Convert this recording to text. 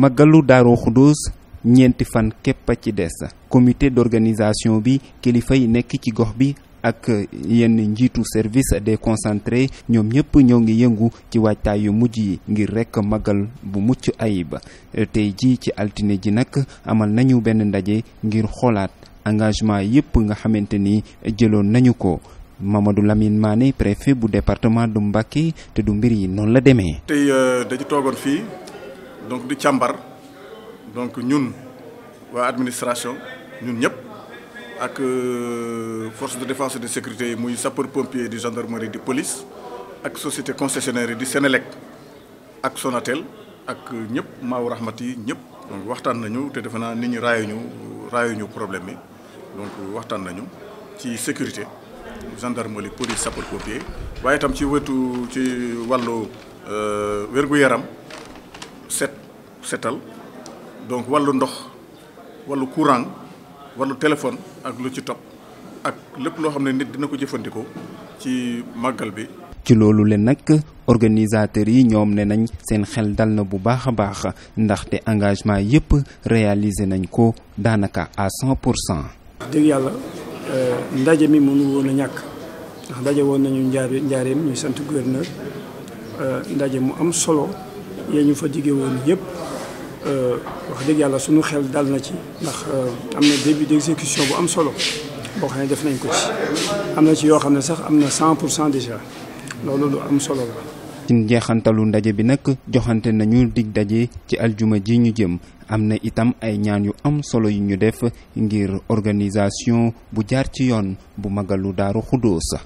Magalu daro xudus ñenti fan képp ci comité d'organisation bi kilifa nek ci gox bi ak yenn service déconcentré concentré nyom ñoo ngi yëngu ci wajta yu magal bu mucc ayiba ci altine ji nak amal nañu benn ndaje ngir xolaat engagement yëpp nga xamanteni Nanyuko, jëloon nañu ko Mamadou Lamine Mané préfet bu département du Mbacké te du mbir yi la donc di CHAMBAR... donc nous administration euh, force de défense et de sécurité nous muy sapeur pompier gendarmerie de police la société concessionnaire du Sénélec avec Sonatel ak avec ma nous donc nañu nit nous problème donc sommes sécurité gendarmerie police sapeur pompier set setal donc wàllu ndox wàllu courant wallu téléphone ak lu ci topp ak lépp loo xam ne nit dina ko jëfandikoo ci màggal bi. ci loolu leen nag organisateurs yi ñoom ne nañ seen xel dal na bu baax a baax ndaxte engagement yépp réalisé nañ ko daanaka à cent pour cent. dëgg yàlla euh, ndaje mi mënu woon a ñàkk nañu njaare njaareem ñuy euh, ndaje mu am solo. yee ñu fa jige woon yëpp euh, wax dëgg yàlla suñu xel dal na ci ndax euh, am na début d'exécution bu am solo boo xam ne def nañ ko ci am na ci yoo xam ne sax am na 100 pour cent déjà loolu lu am solo ci njeexantalu ndaje bi nag joxante nañu dig daje ci aljuma ji ñu jëm am na itam ay ñaan yu am solo yu ñu def ngir organisation bu jaar ci yoon bu magalu daaru sax